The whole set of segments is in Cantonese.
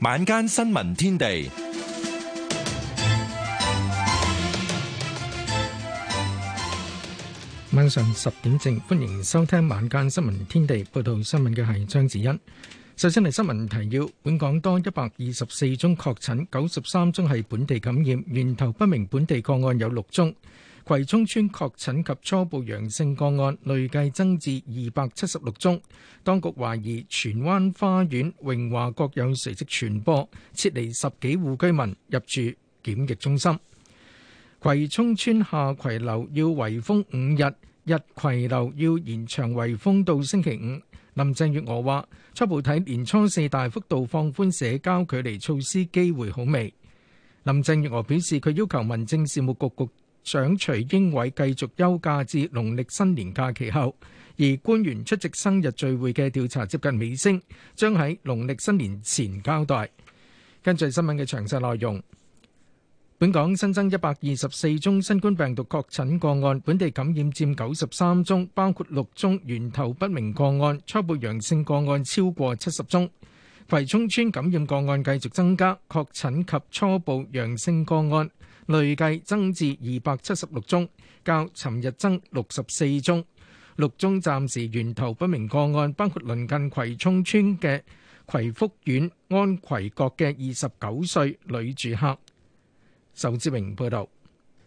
晚間新聞天地，晚上十點正，歡迎收聽晚間新聞天地。報道新聞嘅係張子欣。首先嚟新聞提要：本港多一百二十四宗確診，九十三宗係本地感染，源頭不明本地個案有六宗。葵涌村確診及初步陽性個案累計增至二百七十六宗，當局懷疑荃灣花園榮華各有垂直傳播，撤離十幾戶居民入住檢疫中心。葵涌村下葵樓要圍封五日，日葵樓要延長圍封到星期五。林鄭月娥話：初步睇年初四大幅度放寬社交距離措施機會好微。林鄭月娥表示，佢要求民政事務局局。想徐英偉繼續休假至農曆新年假期後，而官員出席生日聚會嘅調查接近尾聲，將喺農曆新年前交代。跟住新聞嘅詳細內容，本港新增一百二十四宗新冠病毒確診個案，本地感染佔九十三宗，包括六宗源頭不明個案，初步陽性個案超過七十宗。葵涌村感染個案繼續增加，確診及初步陽性個案。累計增至二百七十六宗，較尋日增六十四宗。六宗暫時源頭不明個案，包括鄰近葵涌村嘅葵福苑安葵閣嘅二十九歲女住客。仇志榮報道。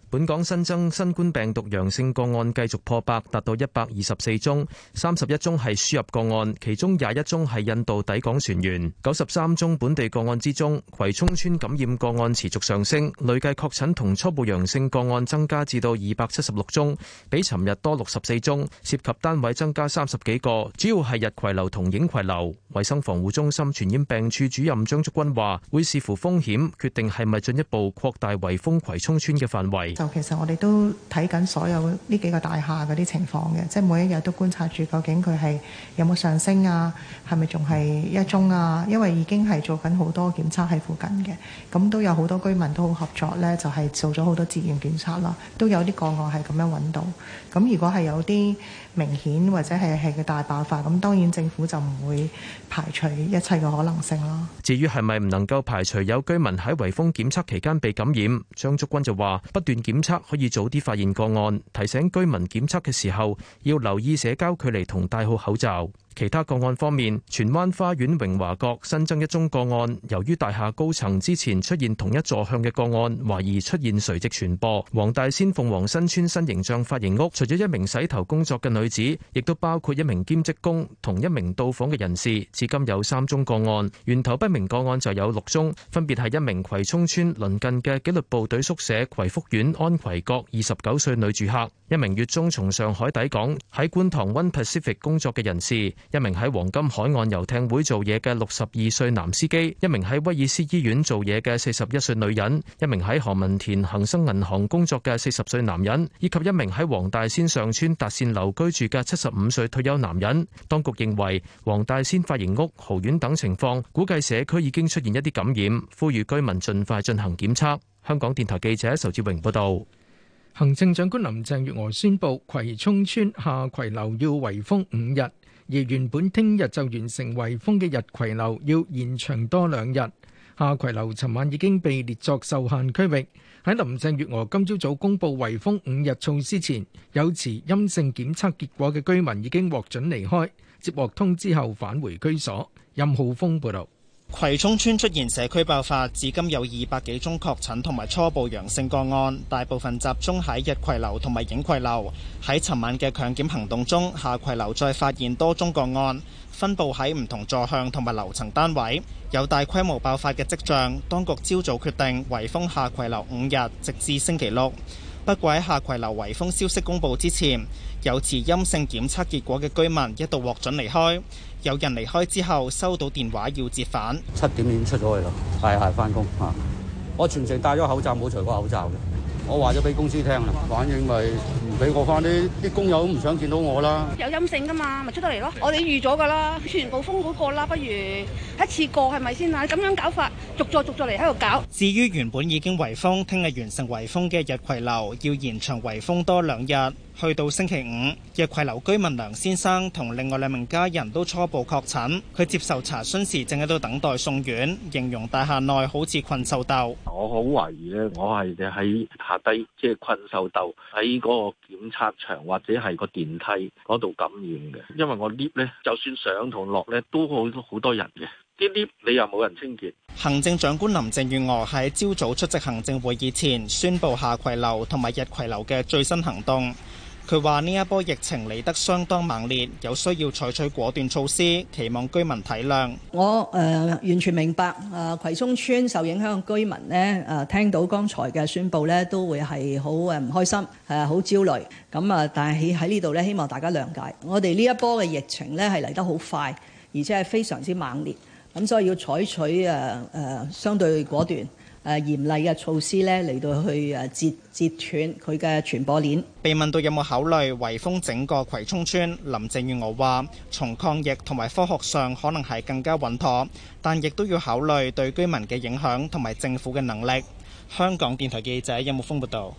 本港新增新冠病毒陽性個案繼續破百，達到一百二十四宗，三十一宗係輸入個案，其中廿一宗係印度抵港船員。九十三宗本地個案之中，葵涌村感染個案持續上升，累計確診同初步陽性個案增加至到二百七十六宗，比尋日多六十四宗，涉及單位增加三十幾個，主要係日葵樓同影葵樓。衛生防護中心傳染病處主任張竹君話：會視乎風險，決定係咪進一步擴大圍封葵涌村嘅範圍。就其實我哋都睇緊所有呢幾個大廈嗰啲情況嘅，即係每一日都觀察住究竟佢係有冇上升啊，係咪仲係一宗啊？因為已經係做緊好多檢測喺附近嘅，咁都有好多居民都好合作咧，就係、是、做咗好多自願檢測啦，都有啲個案係咁樣揾到。咁如果係有啲明顯或者係係個大爆發，咁當然政府就唔會排除一切嘅可能性啦，至於係咪唔能夠排除有居民喺圍封檢測期間被感染，張竹君就話不斷。檢測可以早啲發現個案，提醒居民檢測嘅時候要留意社交距離同戴好口罩。其他個案方面，荃灣花園榮華閣新增一宗個案，由於大廈高層之前出現同一座向嘅個案，懷疑出現垂直傳播。黃大仙鳳凰新村新形象髮型屋，除咗一名洗頭工作嘅女子，亦都包括一名兼職工同一名到訪嘅人士，至今有三宗個案。源頭不明個案就有六宗，分別係一名葵涌村鄰近嘅紀律部隊宿舍葵福苑安葵閣二十九歲女住客，一名月中從上海抵港喺觀塘 One Pacific 工作嘅人士。一名喺黃金海岸遊艇會做嘢嘅六十二歲男司機，一名喺威爾斯醫院做嘢嘅四十一歲女人，一名喺何文田恒生銀行工作嘅四十歲男人，以及一名喺黃大仙上邨達善樓居住嘅七十五歲退休男人。當局認為黃大仙髮型屋、豪苑等情況，估計社區已經出現一啲感染，呼籲居民盡快進行檢測。香港電台記者仇志榮報道。行政長官林鄭月娥宣布，葵涌村下葵樓要圍封五日。而原本聽日就完成圍封嘅日葵樓要延長多兩日，下葵樓尋晚已經被列作受限區域。喺林鄭月娥今朝早早公布圍封五日措施前，有持陰性檢測結果嘅居民已經獲准離開，接獲通知後返回居所。任浩峰報道。葵涌村出現社區爆發，至今有二百幾宗確診同埋初步陽性個案，大部分集中喺日葵樓同埋影葵樓。喺尋晚嘅強檢行動中，下葵樓再發現多宗個案，分佈喺唔同座向同埋樓層單位，有大規模爆發嘅跡象。當局朝早決定圍封下葵樓五日，直至星期六。不過喺下葵樓圍封消息公布之前，有持陰性檢測結果嘅居民一度獲准離開。有人離開之後收到電話要折返，七點已經出咗去啦，係係翻工啊！我全程戴咗口罩，冇除過口罩嘅。我話咗俾公司聽啦，反應咪唔俾我翻啲啲工友都唔想見到我啦。有陰性噶嘛，咪出得嚟咯。我哋預咗噶啦，全部封嗰個啦，不如一次過係咪先啊？你咁樣搞法，逐座逐座嚟喺度搞。至於原本已經圍封、聽日完成圍封嘅日葵樓，要延長圍封多兩日。去到星期五，日葵樓居民梁先生同另外兩名家人都初步確診。佢接受查詢時，正喺度等待送院，形容大廈內好似困獸鬥。我好懷疑呢，我係喺下低，即係困獸鬥喺嗰個檢測場或者係個電梯嗰度感染嘅，因為我 lift 咧，就算上同落咧都好好多人嘅啲 lift，你又冇人清潔。行政長官林鄭月娥喺朝早出席行政會議前，宣布下葵樓同埋日葵樓嘅最新行動。佢話：呢一波疫情嚟得相當猛烈，有需要採取果斷措施，期望居民體諒。我誒、呃、完全明白誒、呃、葵涌村受影響嘅居民咧誒、呃、聽到剛才嘅宣佈咧，都會係好誒唔開心，係、呃、好焦慮。咁啊，但係喺呢度咧，希望大家諒解。我哋呢一波嘅疫情咧係嚟得好快，而且係非常之猛烈。咁所以要採取誒誒、呃呃、相對果斷，誒嚴厲嘅措施咧，嚟到去誒截截斷佢嘅傳播鏈。被問到有冇考慮圍封整個葵涌村，林鄭月娥話，從抗疫同埋科學上，可能係更加穩妥，但亦都要考慮對居民嘅影響同埋政府嘅能力。香港電台記者任木峯報道。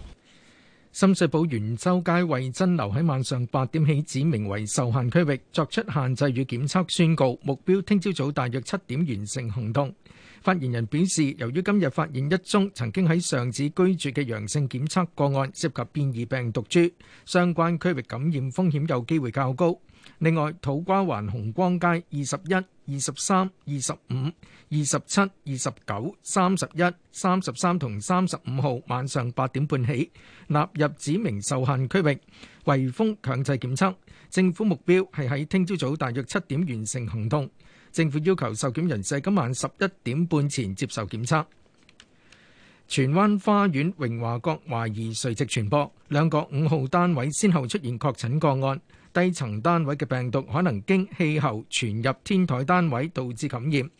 深水埗元州街衞真樓喺晚上八點起指明為受限區域，作出限制與檢測宣告，目標聽朝早大約七點完成行動。發言人表示，由於今日發現一宗曾經喺上址居住嘅陽性檢測個案，涉及變異病毒株，相關區域感染風險有機會較高。另外，土瓜灣紅光街二十一、二十三、二十五、二十七、二十九、三十一、三十三同三十五號晚上八點半起納入指明受限區域，圍封強制檢測。政府目標係喺聽朝早大約七點完成行動。政府要求受檢人士今晚十一點半前接受檢測。荃灣花園榮華閣懷疑垂直傳播，兩個五號單位先後出現確診個案，低層單位嘅病毒可能經氣候傳入天台單位，導致感染。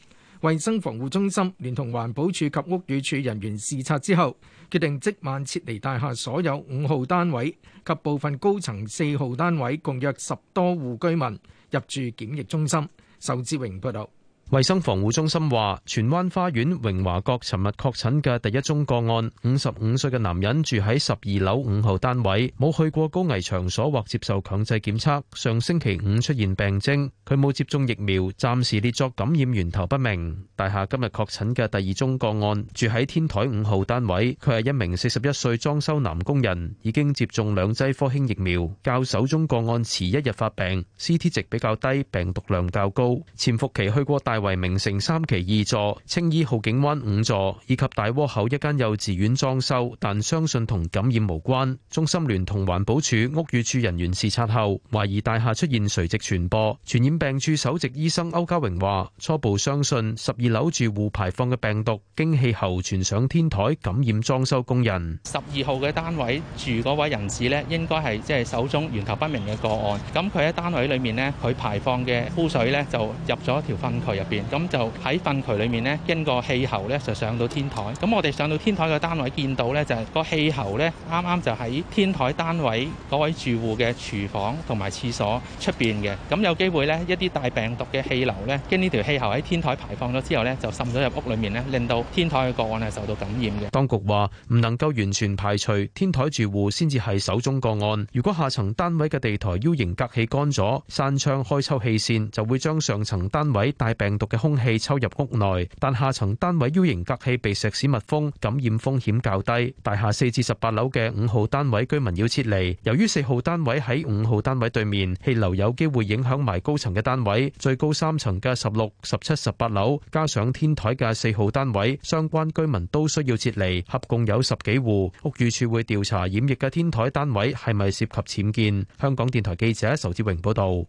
衞生防護中心連同環保署及屋宇署人員視察之後，決定即晚撤離大廈所有五號單位及部分高層四號單位，共約十多戶居民入住檢疫中心。仇志榮報道。衛生防護中心話，荃灣花園榮華閣尋日確診嘅第一宗個案，五十五歲嘅男人住喺十二樓五號單位，冇去過高危場所或接受強制檢測。上星期五出現病徵，佢冇接種疫苗，暫時列作感染源頭不明。大廈今日確診嘅第二宗個案，住喺天台五號單位，佢係一名四十一歲裝修男工人，已經接種兩劑科興疫苗，較首宗個案遲一日發病，CT 值比較低，病毒量較高，潛伏期去過大，為名城三期二座、青衣浩景灣五座以及大窩口一間幼稚園裝修，但相信同感染無關。中心聯同環保署屋宇署人員視察後，懷疑大廈出現垂直傳播。傳染病處首席醫生歐家榮話：初步相信十二樓住戶排放嘅病毒經氣喉傳上天台，感染裝修工人。十二號嘅單位住嗰位人士咧，應該係即係手中源頭不明嘅個案。咁佢喺單位裏面咧，佢排放嘅污水咧就入咗條分渠入。咁就喺糞渠裏面呢，經過氣喉咧就上到天台。咁我哋上到天台嘅單位見到呢，就係個氣喉呢，啱啱就喺天台單位嗰位住戶嘅廚房同埋廁所出邊嘅。咁有機會呢，一啲帶病毒嘅氣流呢，經呢條氣喉喺天台排放咗之後呢，就滲咗入屋裏面呢，令到天台嘅個案係受到感染嘅。當局話唔能夠完全排除天台住戶先至係首宗個案。如果下層單位嘅地台 U 型隔氣乾咗，散窗開抽氣扇，就會將上層單位帶病毒。毒嘅空氣抽入屋內，但下層單位 U 型隔氣被石屎密封，感染風險較低。大廈四至十八樓嘅五號單位居民要撤離，由於四號單位喺五號單位對面，氣流有機會影響埋高層嘅單位，最高三層嘅十六、十七、十八樓，加上天台嘅四號單位，相關居民都需要撤離，合共有十幾戶。屋宇署會調查染疫嘅天台單位係咪涉及僭建。香港電台記者仇志榮報道。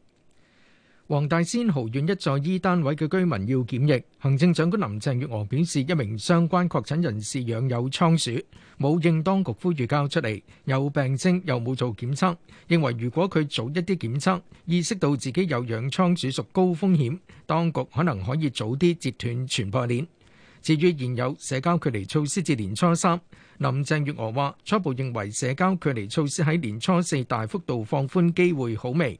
黃大仙豪苑一座醫單位嘅居民要檢疫，行政長官林鄭月娥表示，一名相關確診人士養有倉鼠，冇應當局呼籲交出嚟，有病徵又冇做檢測，認為如果佢早一啲檢測，意識到自己有養倉鼠屬高風險，當局可能可以早啲截斷傳播鏈。至於現有社交距離措施至年初三，林鄭月娥話初步認為社交距離措施喺年初四大幅度放寬機會好微。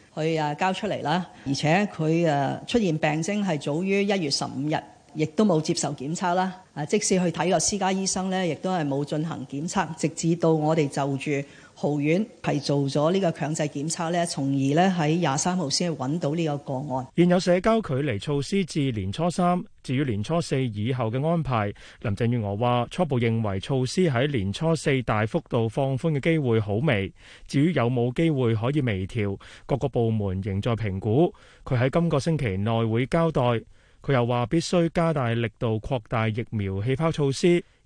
去啊交出嚟啦，而且佢啊出現病徵係早於一月十五日，亦都冇接受檢測啦。啊，即使去睇過私家醫生咧，亦都係冇進行檢測，直至到我哋就住。豪苑係做咗呢個強制檢測呢，從而咧，喺廿三號先揾到呢個個案。現有社交距離措施至年初三，至於年初四以後嘅安排，林鄭月娥話初步認為措施喺年初四大幅度放寬嘅機會好微，至於有冇機會可以微調，各個部門仍在評估。佢喺今個星期內會交代。佢又話必須加大力度擴大疫苗氣泡措施。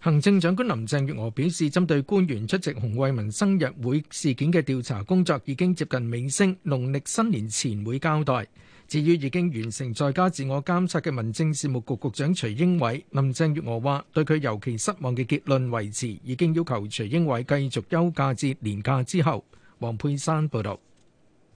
行政長官林鄭月娥表示，針對官員出席洪為民生日會事件嘅調查工作已經接近尾聲，農曆新年前會交代。至於已經完成在家自我監察嘅民政事務局局長徐英偉，林鄭月娥話對佢尤其失望嘅結論維持，已經要求徐英偉繼續休假至年假之後。王佩珊報道。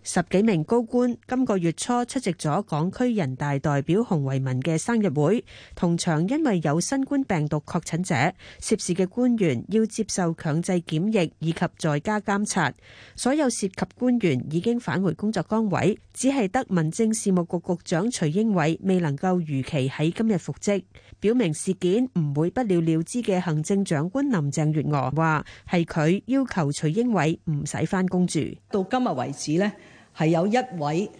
十幾名高官今個月初出席咗港區人大代表洪為民嘅生日會，同場因為有新冠病毒確診者，涉事嘅官員要接受強制檢疫以及在家監察。所有涉及官員已經返回工作崗位，只係得民政事務局局長徐英偉未能夠如期喺今日復職。表明事件唔會不了了之嘅行政長官林鄭月娥話：係佢要求徐英偉唔使返工住。到今日為止呢。係有一位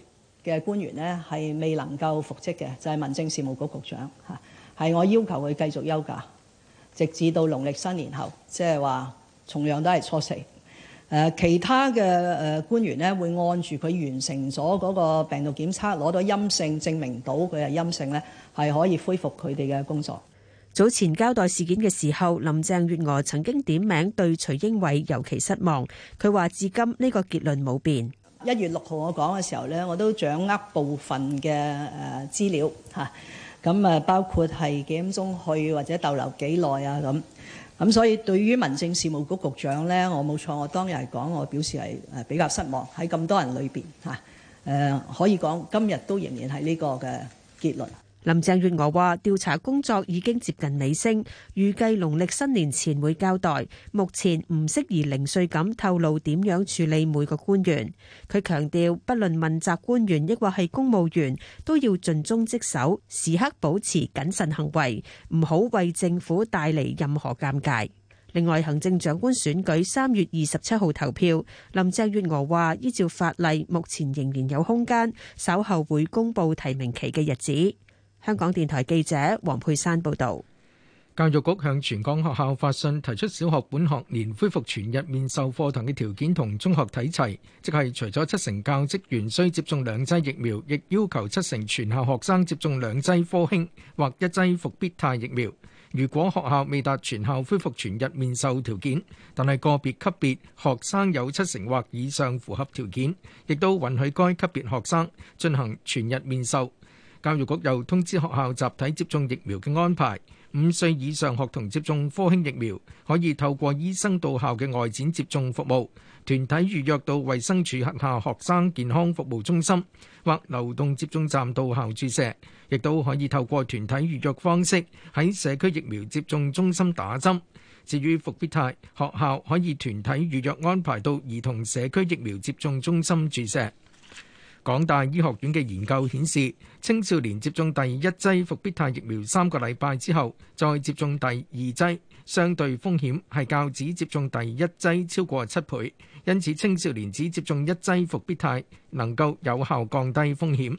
嘅官員呢，係未能夠復職嘅，就係、是、民政事務局局長嚇。係我要求佢繼續休假，直至到農曆新年後，即係話重陽都係初四。誒、呃，其他嘅誒官員呢，會按住佢完成咗嗰個病毒檢測，攞到陰性證明，到佢係陰性呢，係可以恢復佢哋嘅工作。早前交代事件嘅時候，林鄭月娥曾經點名對徐英偉尤其失望。佢話至今呢個結論冇變。一月六號我講嘅時候呢，我都掌握部分嘅誒、呃、資料嚇，咁、啊、誒包括係幾點鐘去或者逗留幾耐啊咁，咁、啊、所以對於民政事務局局長呢，我冇錯，我當日係講我表示係誒比較失望喺咁多人裏邊嚇，誒、啊、可以講今日都仍然係呢個嘅結論。林鄭月娥話：調查工作已經接近尾聲，預計農曆新年前會交代。目前唔適宜零碎咁透露點樣處理每個官員。佢強調，不論問責官員，抑或係公務員，都要盡忠職守，時刻保持謹慎行為，唔好為政府帶嚟任何尷尬。另外，行政長官選舉三月二十七號投票，林鄭月娥話依照法例，目前仍然有空間，稍後會公布提名期嘅日子。香港電台記者黃佩珊報道，教育局向全港學校發信，提出小學本學年恢復全日面授課堂嘅條件同中學睇齊，即係除咗七成教職員需接種兩劑疫苗，亦要求七成全校學生接種兩劑科興或一劑復必泰疫苗。如果學校未達全校恢復全日面授條件，但係個別級別學生有七成或以上符合條件，亦都允許該級別學生進行全日面授。教育局又通知學校集體接種疫苗嘅安排，五歲以上學童接種科興疫苗，可以透過醫生到校嘅外展接種服務；團體預約到衛生署轄下學生健康服務中心或流動接種站到校注射，亦都可以透過團體預約方式喺社區疫苗接種中心打針。至於復必泰，學校可以團體預約安排到兒童社區疫苗接種中心注射。港大醫學院嘅研究顯示，青少年接種第一劑復必泰疫苗三個禮拜之後，再接種第二劑，相對風險係較只接種第一劑超過七倍。因此，青少年只接種一劑復必泰能夠有效降低風險。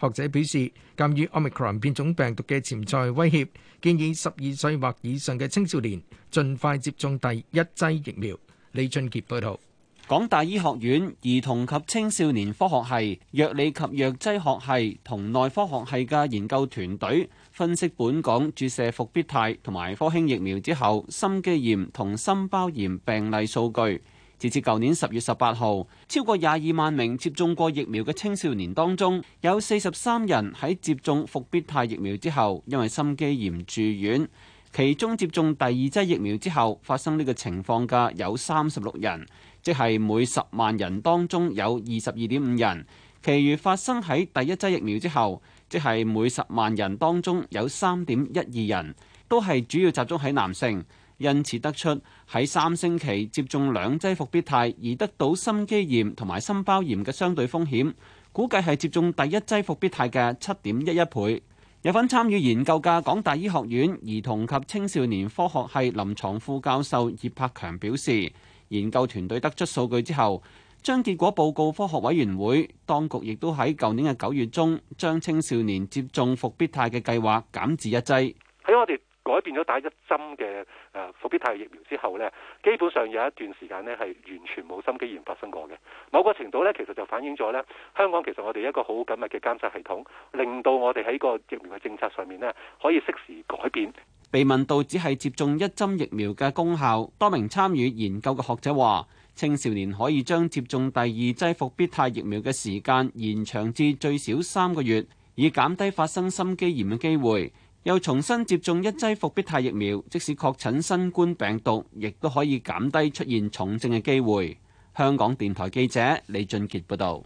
學者表示，鑑於 Omicron 變種病毒嘅潛在威脅，建議十二歲或以上嘅青少年盡快接種第一劑疫苗。李俊傑報道。港大醫學院兒童及青少年科學系、藥理及藥劑學系同內科學系嘅研究團隊分析本港注射復必泰同埋科興疫苗之後心肌炎同心包炎病例數據，截至舊年十月十八號，超過廿二萬名接種過疫苗嘅青少年當中有四十三人喺接種復必泰疫苗之後因為心肌炎住院，其中接種第二劑疫苗之後發生呢個情況嘅有三十六人。即係每十萬人當中有二十二點五人，其餘發生喺第一劑疫苗之後，即係每十萬人當中有三點一二人，都係主要集中喺男性。因此得出喺三星期接種兩劑復必泰而得到心肌炎同埋心包炎嘅相對風險，估計係接種第一劑復必泰嘅七點一一倍。有份參與研究嘅港大醫學院兒童及青少年科學系臨床副教授葉柏強表示。研究團隊得出數據之後，將結果報告科學委員會。當局亦都喺舊年嘅九月中，將青少年接種復必泰嘅計劃減至一劑。喺我哋改變咗打一針嘅誒復必泰疫苗之後呢，基本上有一段時間呢，係完全冇心肌炎發生過嘅。某個程度呢，其實就反映咗呢，香港其實我哋一個好緊密嘅監察系統，令到我哋喺個疫苗嘅政策上面呢，可以適時改變。被問到只係接種一針疫苗嘅功效，多名參與研究嘅學者話：青少年可以將接種第二劑復必泰疫苗嘅時間延長至最少三個月，以減低發生心肌炎嘅機會。又重新接種一劑復必泰疫苗，即使確診新冠病毒，亦都可以減低出現重症嘅機會。香港電台記者李俊傑報道。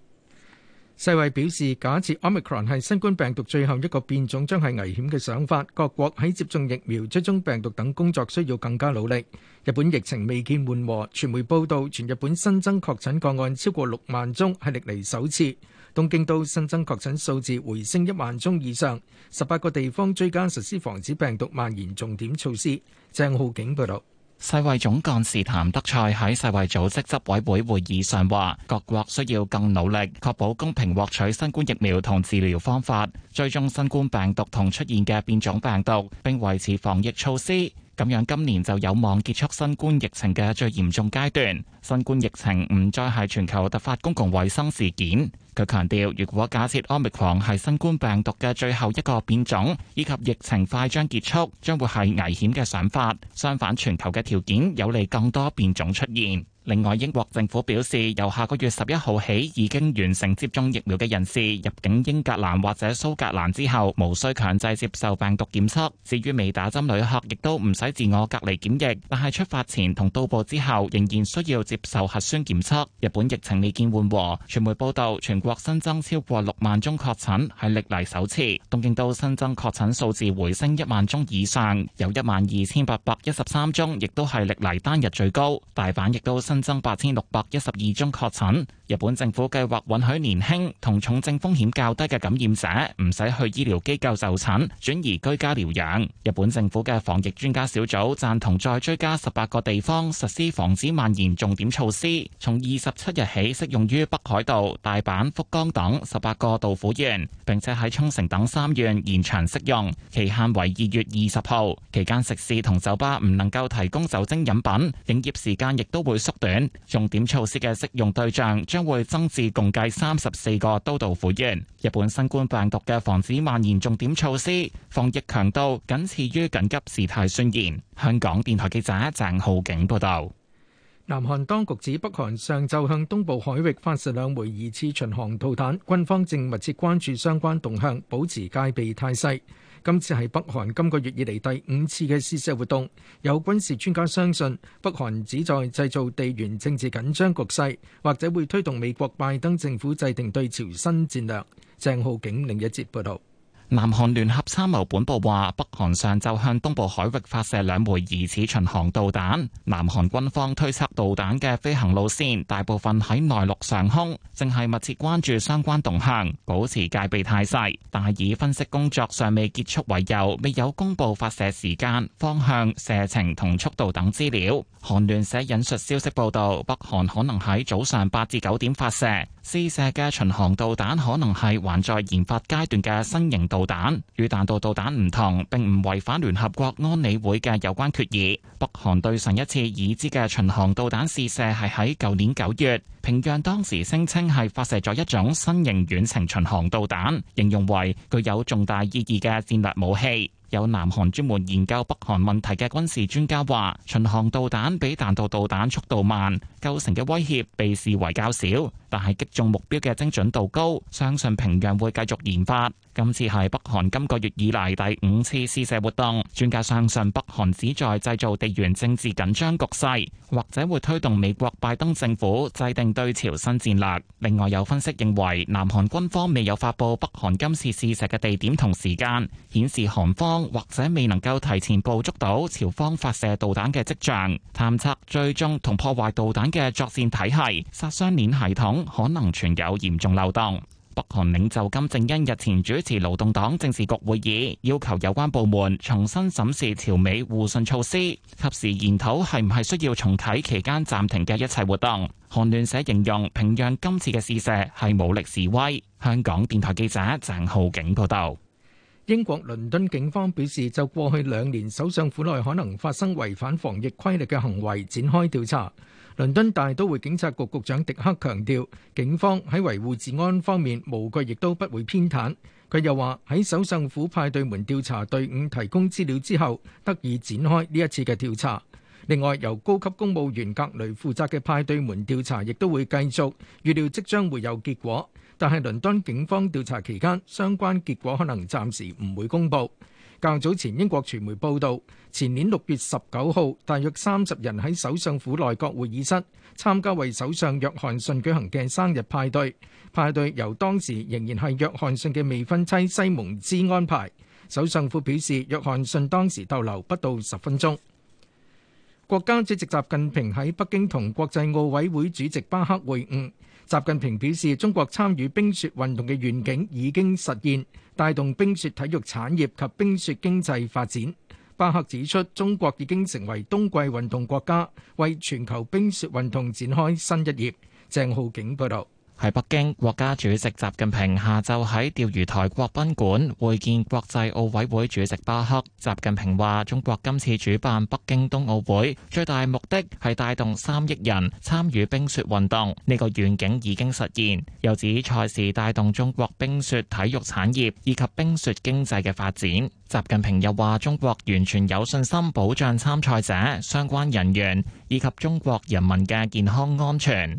世衛表示，假設 Omicron 係新冠病毒最後一個變種，將係危險嘅想法。各國喺接種疫苗、追蹤病毒等工作需要更加努力。日本疫情未見緩和，傳媒報道，全日本新增確診個案超過六萬宗，係歷嚟首次。東京都新增確診數字回升一萬宗以上，十八個地方追加實施防止病毒蔓延重點措施。鄭浩景報導。世衛總幹事譚德賽喺世衛組織執委會會議上話，各國需要更努力，確保公平獲取新冠疫苗同治療方法，追蹤新冠病毒同出現嘅變種病毒，並維持防疫措施，咁樣今年就有望結束新冠疫情嘅最嚴重階段。新冠疫情唔再係全球突發公共衛生事件。佢強調，如果假設奧密克戎係新冠病毒嘅最後一個變種，以及疫情快將結束，將會係危險嘅想法。相反，全球嘅條件有利更多變種出現。另外，英國政府表示，由下個月十一號起，已經完成接種疫苗嘅人士入境英格蘭或者蘇格蘭之後，無需強制接受病毒檢測。至於未打針旅客，亦都唔使自我隔離檢疫，但係出發前同到埗之後，仍然需要接受核酸檢測。日本疫情未見緩和，傳媒報道全國新增超過六萬宗確診，係歷嚟首次。東京都新增確診數字回升一萬宗以上，有一萬二千八百一十三宗，亦都係歷嚟單日最高。大阪亦都新增八千六百一十二宗確診。日本政府計劃允許年輕同重症風險較低嘅感染者唔使去醫療機構就診，轉移居家療養。日本政府嘅防疫專家小組贊同再追加十八個地方實施防止蔓延重點措施，從二十七日起適用於北海道、大阪、福岡等十八個道府縣，並且喺沖繩等三縣延長適用，期限為二月二十號。期間食肆同酒吧唔能夠提供酒精飲品，營業時間亦都會縮短。重點措施嘅適用對象將將會增至共計三十四個都道府縣。日本新冠病毒嘅防止蔓延重點措施防疫強度僅次於緊急事態宣言。香港電台記者鄭浩景報道。南韓當局指北韓上晝向東部海域發射兩枚疑似巡航導彈，軍方正密切關注相關動向，保持戒備態勢。今次係北韓今個月以嚟第五次嘅施射活動，有軍事專家相信北韓旨在製造地緣政治緊張局勢，或者會推動美國拜登政府制定對朝新戰略。鄭浩景另一節報道。南韓聯合參謀本部話，北韓上晝向東部海域發射兩枚疑似巡航導彈。南韓軍方推測導彈嘅飛行路線大部分喺內陸上空，正係密切關注相關動向，保持戒備態勢。但係以分析工作尚未結束為由，未有公布發射時間、方向、射程同速度等資料。韓聯社引述消息報道，北韓可能喺早上八至九點發射。試射嘅巡航導彈可能係還在研發階段嘅新型導彈，與彈道導彈唔同，並唔違反聯合國安理會嘅有關決議。北韓對上一次已知嘅巡航導彈試射係喺舊年九月，平壤當時聲稱係發射咗一種新型遠程巡航導彈，形容為具有重大意義嘅戰略武器。有南韓專門研究北韓問題嘅軍事專家話，巡航導彈比彈道導彈速度慢，構成嘅威脅被視為較少。但係擊中目標嘅精準度高，相信平壤會繼續研發。今次係北韓今個月以嚟第五次試射活動。專家相信北韓旨在製造地緣政治緊張局勢，或者會推動美國拜登政府制定對朝新戰略。另外有分析認為，南韓軍方未有發布北韓今次試射嘅地點同時間，顯示韓方或者未能夠提前捕捉到朝方發射導彈嘅跡象、探測、追蹤同破壞導彈嘅作戰體系、殺傷鏈系統，可能存有嚴重漏洞。北韓領袖金正恩日前主持勞動黨政治局會議，要求有關部門重新審視朝美互信措施，及時研討係唔係需要重啟期間暫停嘅一切活動。韓聯社形容平壤今次嘅試射係武力示威。香港電台記者鄭浩景報道。英國倫敦警方表示，就過去兩年首相府內可能發生違反防疫規例嘅行為，展開調查。倫敦大都會警察局局長迪克強調，警方喺維護治安方面，無懼亦都不會偏袒。佢又話，喺首相府派對門調查隊伍提供資料之後，得以展開呢一次嘅調查。另外，由高級公務員格雷負責嘅派對門調查亦都會繼續，預料即將會有結果。但係倫敦警方調查期間，相關結果可能暫時唔會公布。較早前英國傳媒報道，前年六月十九號，大約三十人喺首相府內閣會議室參加為首相約翰遜舉行嘅生日派對。派對由當時仍然係約翰遜嘅未婚妻西蒙茲安排。首相府表示，約翰遜當時逗留不到十分鐘。國家主席習近平喺北京同國際奧委會主席巴克會晤。習近平表示，中國參與冰雪運動嘅願景已經實現，帶動冰雪體育產業及冰雪經濟發展。巴赫指出，中國已經成為冬季運動國家，為全球冰雪運動展開新一頁。鄭浩景報道。喺北京，國家主席習近平下晝喺釣魚台國賓館會見國際奧委會主席巴赫。習近平話：中國今次主辦北京冬奧會，最大目的係帶動三億人參與冰雪運動。呢個願景已經實現，又指賽事帶動中國冰雪體育產業以及冰雪經濟嘅發展。習近平又話：中國完全有信心保障參賽者、相關人員以及中國人民嘅健康安全。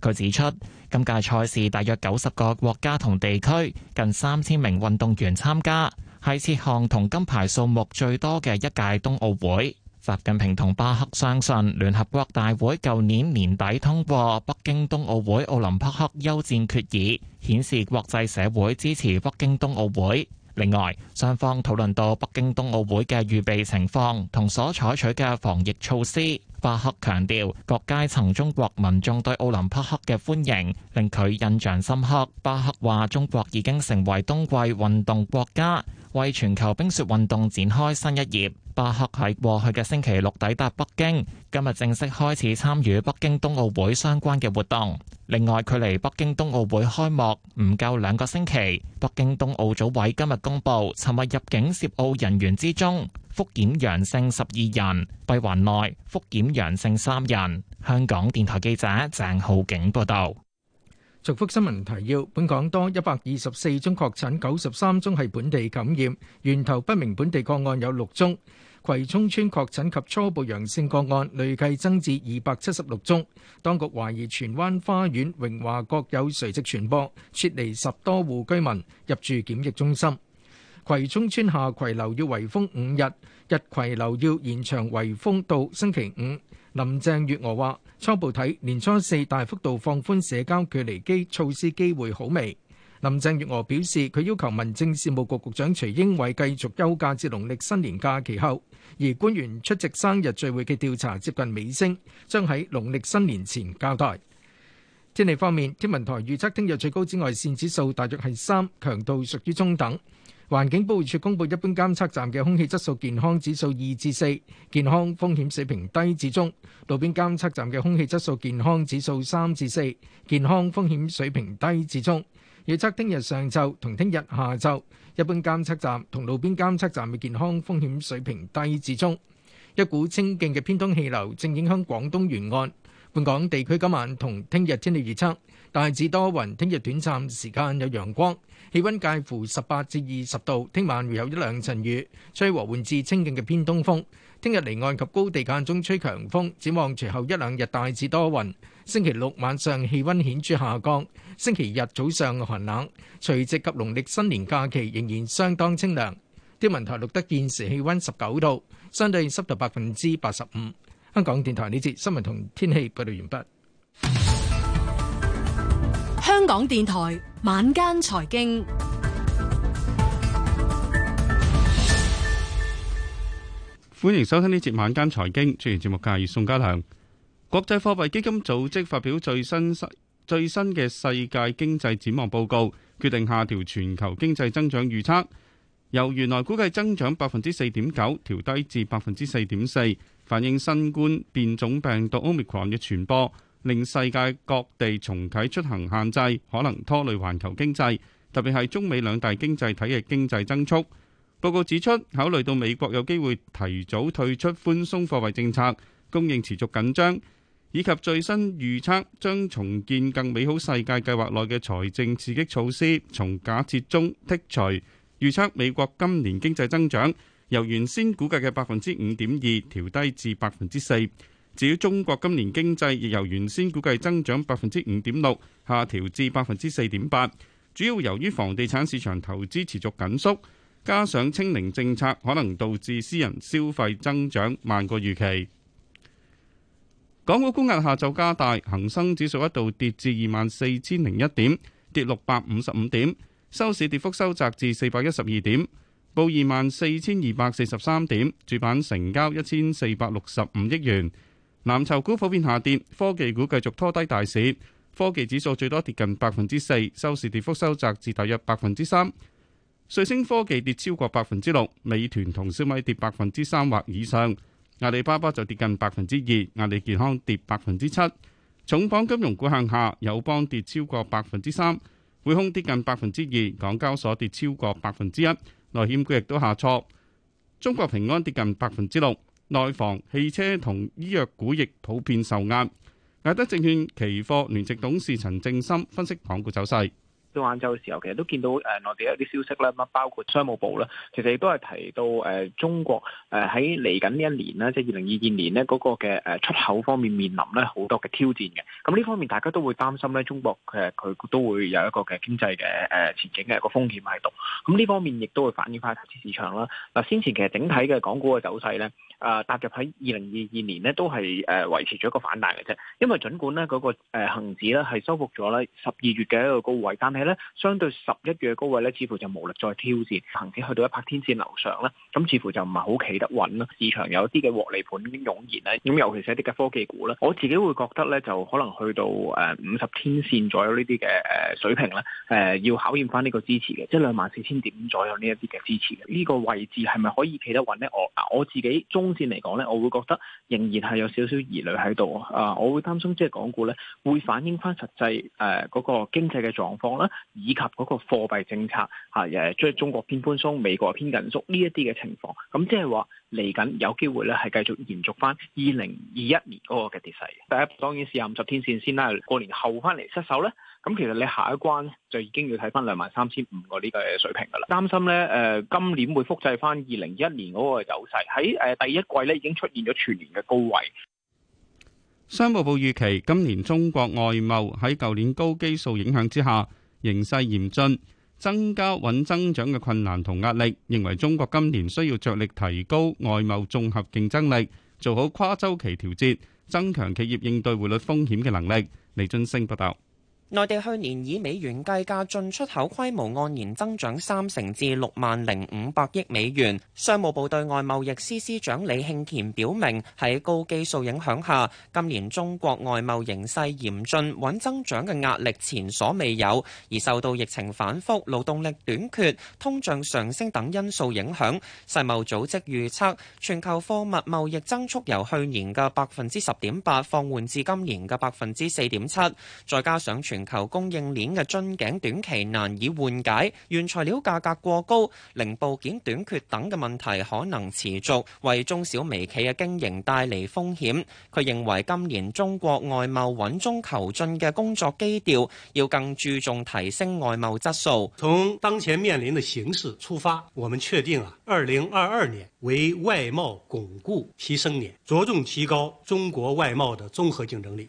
佢指出：今屆賽事大約九十個國家同地區，近三千名運動員參加，係設項同金牌數目最多嘅一屆冬奧會。習近平同巴赫相信，聯合國大會舊年年底通過北京冬奧會奧林匹克休戰決議，顯示國際社會支持北京冬奧會。另外，雙方討論到北京冬奧會嘅預備情況同所採取嘅防疫措施。巴克強調，各階層中國民眾對奧林匹克嘅歡迎令佢印象深刻。巴克話：中國已經成為冬季運動國家。為全球冰雪運動展開新一頁。巴赫喺過去嘅星期六抵達北京，今日正式開始參與北京冬奧會相關嘅活動。另外，距離北京冬奧會開幕唔夠兩個星期，北京冬奧組委今日公布，尋日入境涉澳人員之中，複檢陽性十二人，閉環內複檢陽性三人。香港電台記者鄭浩景報道。重複新聞提要：本港多一百二十四宗確診，九十三宗係本地感染，源頭不明本地個案有六宗。葵涌村確診及初步陽性個案累計增至二百七十六宗。當局懷疑荃灣花園榮華閣有垂直傳播，撤離十多戶居民入住檢疫中心。葵涌村下葵樓要圍封五日，日葵樓要延長圍封到星期五。林鄭月娥話：初步睇年初四大幅度放寬社交距離機措施，機會好微。林鄭月娥表示，佢要求民政事務局局長徐英偉繼續休假至農曆新年假期後，而官員出席生日聚會嘅調查接近尾聲，將喺農曆新年前交代。天氣方面，天文台預測聽日最高紫外線指數大約係三，強度屬於中等。環境保護署公布，一般監測站嘅空氣質素健康指數二至四，健康風險水平低至中；路邊監測站嘅空氣質素健康指數三至四，健康風險水平低至中。預測聽日上晝同聽日下晝，一般監測站同路邊監測站嘅健康風險水平低至中。一股清勁嘅偏東氣流正影響廣東沿岸，本港地區今晚同聽日天氣預測。大致多雲，聽日短暫時間有陽光，氣溫介乎十八至二十度。聽晚會有一兩陣雨，吹和緩至清勁嘅偏東風。聽日離岸及高地間中吹強風，展望隨後一兩日大致多雲。星期六晚上氣溫顯著下降，星期日早上寒冷。除夕及農曆新年假期仍然相當清涼。天文台錄得現時氣溫十九度，相對濕度百分之八十五。香港電台呢節新聞同天氣報道完畢。香港電台晚間財經，歡迎收聽呢節晚間財經。主持節目嘅係宋家良。國際貨幣基金組織發表最新世最新嘅世界經濟展望報告，決定下調全球經濟增長預測，由原來估計增長百分之四點九，調低至百分之四點四，反映新冠變種病毒 Omicron 嘅傳播。令世界各地重啟出行限制，可能拖累環球經濟，特別係中美兩大經濟體嘅經濟增速。報告指出，考慮到美國有機會提早退出寬鬆貨幣政策，供應持續緊張，以及最新預測將重建更美好世界計劃內嘅財政刺激措施從假設中剔除，預測美國今年經濟增長由原先估計嘅百分之五點二調低至百分之四。至於中國今年經濟，亦由原先估計增長百分之五點六，下調至百分之四點八。主要由於房地產市場投資持續緊縮，加上清零政策可能導致私人消費增長慢過預期。港股高壓下晝加大，恒生指數一度跌至二萬四千零一點，跌六百五十五點，收市跌幅收窄至四百一十二點，報二萬四千二百四十三點。主板成交一千四百六十五億元。藍籌股普遍下跌，科技股繼續拖低大市。科技指數最多跌近百分之四，收市跌幅收窄至大約百分之三。瑞聲科技跌超過百分之六，美團同小米跌百分之三或以上。阿里巴巴就跌近百分之二，阿里健康跌百分之七。重磅金融股向下，友邦跌超過百分之三，匯控跌近百分之二，港交所跌超過百分之一。內險股亦都下挫，中國平安跌近百分之六。內房、汽車同醫藥股亦普遍受壓。艾德證券期貨聯席董事陳正森分析港股走勢。到晏晝嘅時候，其實都見到誒、呃、內地有啲消息啦，咁包括商務部啦，其實亦都係提到誒、呃、中國誒喺嚟緊呢一年呢，即係二零二二年呢，嗰、那個嘅誒出口方面面臨咧好多嘅挑戰嘅。咁呢方面大家都會擔心咧，中國嘅佢都會有一個嘅經濟嘅誒、呃、前景嘅一個風險喺度。咁呢方面亦都會反映翻投資市場啦。嗱，先前其實整體嘅港股嘅走勢咧，誒踏入喺二零二二年咧都係誒維持咗一個反彈嘅啫。因為儘管咧嗰、那個恒、呃、指咧係收復咗咧十二月嘅一個高位，但相對十一月嘅高位咧，似乎就無力再挑戰，恒指去到一百天線樓上咧，咁似乎就唔係好企得穩啦。市場有啲嘅獲利盤已經湧現咧，咁尤其是一啲嘅科技股啦，我自己會覺得咧，就可能去到誒五十天線左右呢啲嘅誒水平咧，誒、呃、要考驗翻呢個支持嘅，即係兩萬四千點左右呢一啲嘅支持嘅呢、這個位置係咪可以企得穩咧？我啊我自己中線嚟講咧，我會覺得仍然係有少少疑慮喺度啊，我會擔心即係港股咧會反映翻實際誒嗰、呃那個經濟嘅狀況啦。以及嗰個貨幣政策吓，誒、啊，中國偏寬鬆，美國偏緊縮、嗯就是、呢一啲嘅情況，咁即係話嚟緊有機會咧，係繼續延續翻二零二一年嗰個嘅跌勢。第一，當然是五十天線先啦，過年後翻嚟失守咧，咁、嗯、其實你下一關就已經要睇翻兩萬三千五個呢個水平噶啦，擔心咧，誒、呃，今年會複製翻二零二一年嗰個走勢，喺誒、呃、第一季咧已經出現咗全年嘅高位。商務部預期今年中國外貿喺舊年高基數影響之下。形勢嚴峻，增加穩增長嘅困難同壓力。認為中國今年需要着力提高外貿綜合競爭力，做好跨週期調節，增強企業應對匯率風險嘅能力。李俊升報道。內地去年以美元計價進出口規模按年增長三成，至六萬零五百億美元。商務部對外貿易司司長李慶乾表明，喺高基數影響下，今年中國外貿形勢嚴峻，穩增長嘅壓力前所未有。而受到疫情反覆、勞動力短缺、通脹上升等因素影響，世貿組織預測全球貨物貿易增速由去年嘅百分之十點八放緩至今年嘅百分之四點七。再加上全全球供應鏈嘅樽頸短期難以緩解，原材料價格過高，零部件短缺等嘅問題可能持續為中小微企嘅經營帶嚟風險。佢認為今年中國外貿穩中求進嘅工作基調，要更注重提升外貿質素。從當前面臨嘅形勢出發，我們確定啊，二零二二年為外貿鞏固提升年，着重提高中國外貿的綜合競爭力。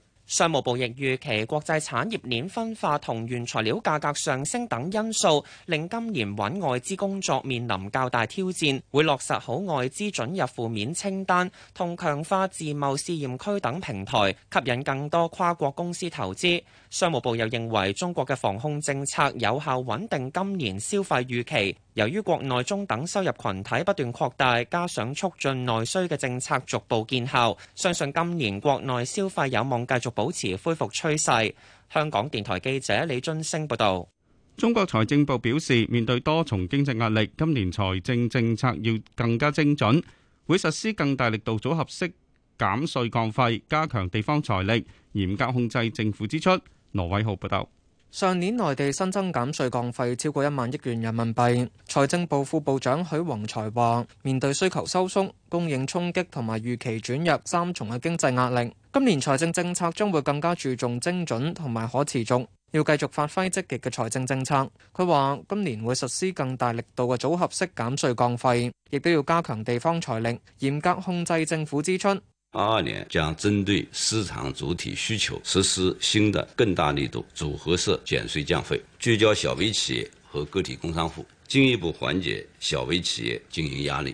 商務部亦預期國際產業鏈分化同原材料價格上升等因素，令今年穩外資工作面臨較大挑戰，會落實好外資准入負面清單，同強化自貿試驗區等平台，吸引更多跨國公司投資。商務部又認為中國嘅防控政策有效穩定今年消費預期，由於國內中等收入群體不斷擴大，加上促進內需嘅政策逐步見效，相信今年國內消費有望繼續保持恢復趨勢。香港電台記者李津升報導。中國財政部表示，面對多重經濟壓力，今年財政政策要更加精準，會實施更大力度組合式減稅降費，加強地方財力，嚴格控制政府支出。羅偉浩報導。上年內地新增減稅降費超過一萬億元人民幣。財政部副部長許宏才話：面對需求收縮、供應衝擊同埋預期轉弱三重嘅經濟壓力。今年財政政策將會更加注重精準同埋可持續，要繼續發揮積極嘅財政政策。佢話今年會實施更大力度嘅組合式減稅降費，亦都要加強地方財力，嚴格控制政府支出。二二年將針對市場主體需求，實施新的更大力度組合式減稅降費，聚焦小微企業和個體工商戶，進一步緩解小微企業經營壓力。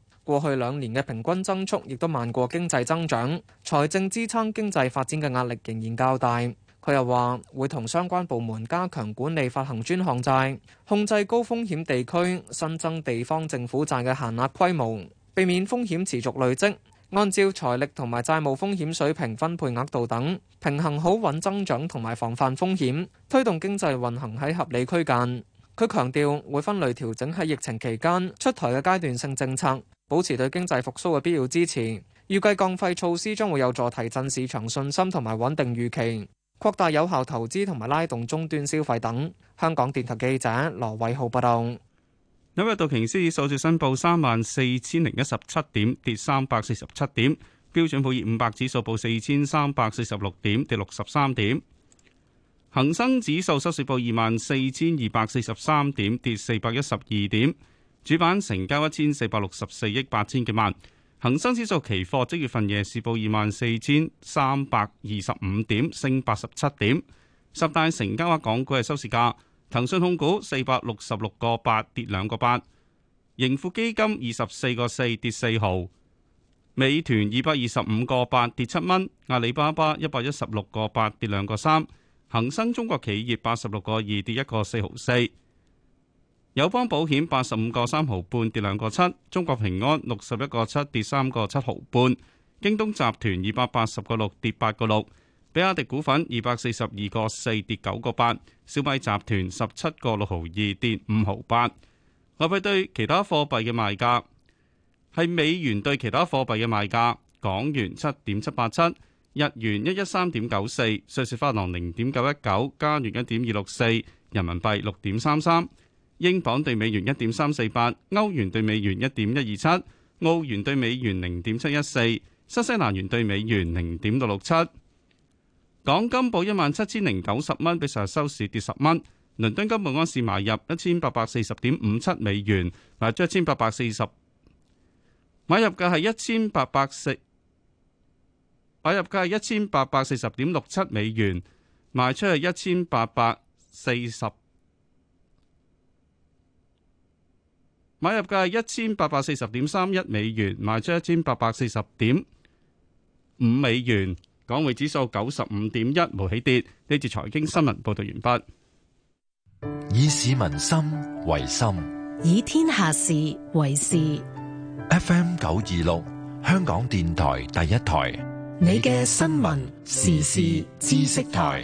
過去兩年嘅平均增速亦都慢過經濟增長，財政支撐經濟發展嘅壓力仍然較大。佢又話會同相關部門加強管理，發行專項債，控制高風險地區新增地方政府債嘅限額規模，避免風險持續累積。按照財力同埋債務風險水平分配額度等，平衡好穩增長同埋防範風險，推動經濟運行喺合理區間。佢強調會分類調整喺疫情期間出台嘅階段性政策。保持對經濟復甦嘅必要支持，預計降費措施將會有助提振市場信心同埋穩定預期，擴大有效投資同埋拉動終端消費等。香港電台記者羅偉浩不動報道。紐約道瓊斯指數收市報三萬四千零一十七點，跌三百四十七點；標準普爾五百指數報四千三百四十六點，跌六十三點；恒生指數收市報二萬四千二百四十三點，跌四百一十二點。主板成交一千四百六十四億八千幾萬，恒生指數期貨即月份夜市報二萬四千三百二十五點，升八十七點。十大成交額港股嘅收市價，騰訊控股四百六十六個八跌兩個八，盈富基金二十四個四跌四毫，美團二百二十五個八跌七蚊，阿里巴巴一百一十六個八跌兩個三，恒生中國企業八十六個二跌一個四毫四。友邦保險八十五個三毫半跌兩個七，中國平安六十一個七跌三個七毫半，京東集團二百八十個六跌八個六，比亞迪股份二百四十二個四跌九個八，小米集團十七個六毫二跌五毫八。外幣對其他貨幣嘅賣價係美元對其他貨幣嘅賣價，港元七點七八七，日元一一三點九四，瑞士法郎零點九一九，加元一點二六四，人民幣六點三三。英鎊兌美元一點三四八，歐元兌美元一點一二七，澳元兌美元零點七一四，新西蘭元兌美元零點六六七。港金報一萬七千零九十蚊，比上日收市跌十蚊。倫敦金報安市買入一千八百四十點五七美元，嗱，賣出一千八百四十，買入價係一千八百四，買入價係一千八百四十點六七美元，賣出係一千八百四十。買入價一千八百四十點三一美元，賣出一千八百四十點五美元。港匯指數九十五點一，無起跌。呢次財經新聞報道完畢。以市民心為心，以天下事為事。FM 九二六，香港電台第一台，你嘅新聞時事知識台。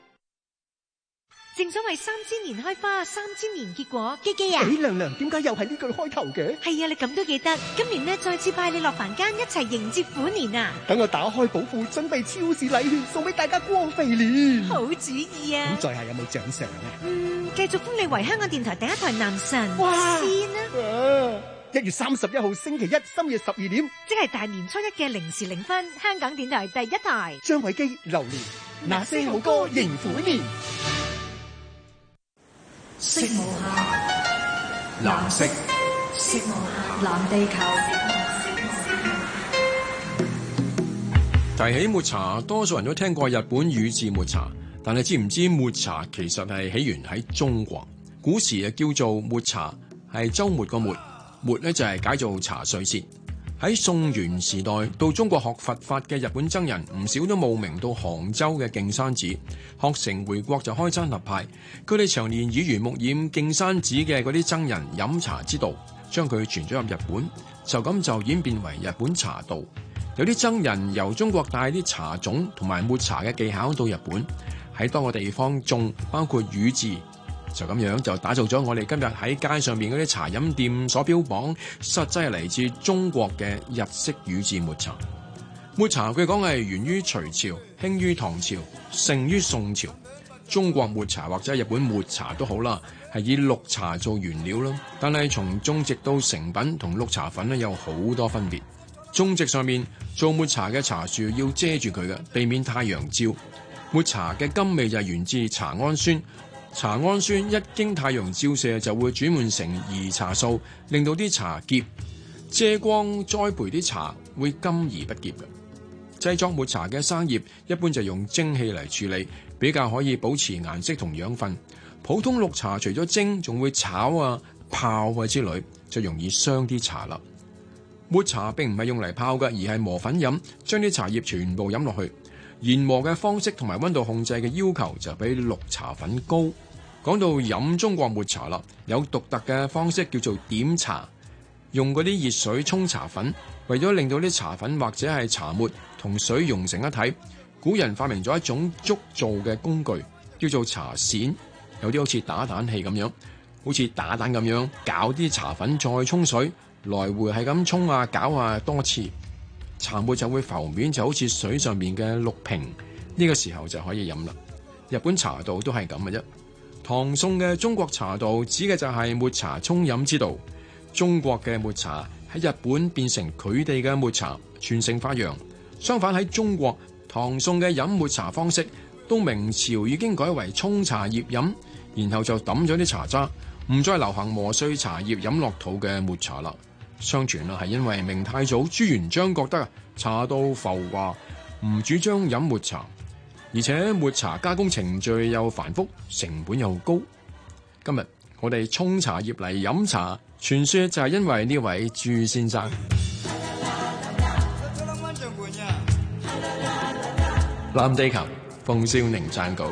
正所謂三千年開花，三千年結果，基基啊！李娘娘點解又係呢句開頭嘅？係啊，你咁都記得。今年呢，再次派你落凡間一齊迎接虎年啊！等我打開寶庫，準備超市禮券送俾大家光輝年。好主意啊！咁在下有冇獎賞啊？嗯，繼續封你為香港電台第一台男神。哇！先啦，一月三十一號星期一深夜十二點，即係大年初一嘅零時零分，香港電台第一台張偉基留連，那些好歌迎虎年。色無暇，藍色。色無暇，藍地球。提起抹茶，多數人都聽過日本語字抹茶，但係知唔知抹茶其實係起源喺中國？古時就叫做抹茶，係周末個抹，抹咧就係解做茶水先。喺宋元時代到中國學佛法嘅日本僧人唔少，都慕名到杭州嘅徑山寺學成，回國就開山立派。佢哋長年耳濡目染徑山寺嘅嗰啲僧人飲茶之道，將佢傳咗入日本，就咁就演變為日本茶道。有啲僧人由中國帶啲茶種同埋抹茶嘅技巧到日本，喺多個地方種，包括宇治。就咁樣就打造咗我哋今日喺街上面嗰啲茶飲店所標榜，實際係嚟自中國嘅日式宇治抹茶。抹茶據講係源於隋朝，興於唐朝，盛於宋朝。中國抹茶或者日本抹茶都好啦，係以綠茶做原料啦。但係從種植到成品同綠茶粉咧有好多分別。種植上面做抹茶嘅茶樹要遮住佢嘅，避免太陽照。抹茶嘅甘味就源自茶氨酸。茶氨酸一經太陽照射就會轉換成兒茶素，令到啲茶澀。遮光栽培啲茶會甘而不澀嘅。製作抹茶嘅生葉一般就用蒸汽嚟處理，比較可以保持顏色同養分。普通綠茶除咗蒸，仲會炒啊、泡啊之類，就容易傷啲茶粒。抹茶並唔係用嚟泡嘅，而係磨粉飲，將啲茶葉全部飲落去。研磨嘅方式同埋溫度控制嘅要求就比綠茶粉高。講到飲中國抹茶啦，有獨特嘅方式叫做點茶，用嗰啲熱水沖茶粉，為咗令到啲茶粉或者係茶沫同水融成一體。古人發明咗一種竹做嘅工具，叫做茶筅，有啲好似打蛋器咁樣，好似打蛋咁樣搞啲茶粉，再沖水，來回係咁沖啊搞啊多次。茶末就會浮面，就好似水上面嘅綠萍，呢個時候就可以飲啦。日本茶道都係咁嘅啫。唐宋嘅中國茶道指嘅就係抹茶沖飲之道。中國嘅抹茶喺日本變成佢哋嘅抹茶，全城發揚。相反喺中國，唐宋嘅飲抹茶方式，到明朝已經改為沖茶葉飲，然後就揼咗啲茶渣，唔再流行磨碎茶葉飲落肚嘅抹茶啦。相傳啦，係因為明太祖朱元璋覺得茶道浮華，唔主張飲抹茶，而且抹茶加工程序又繁複，成本又高。今日我哋沖茶葉嚟飲茶，傳說就係因為呢位朱先生。藍地球，馮少寧撰稿。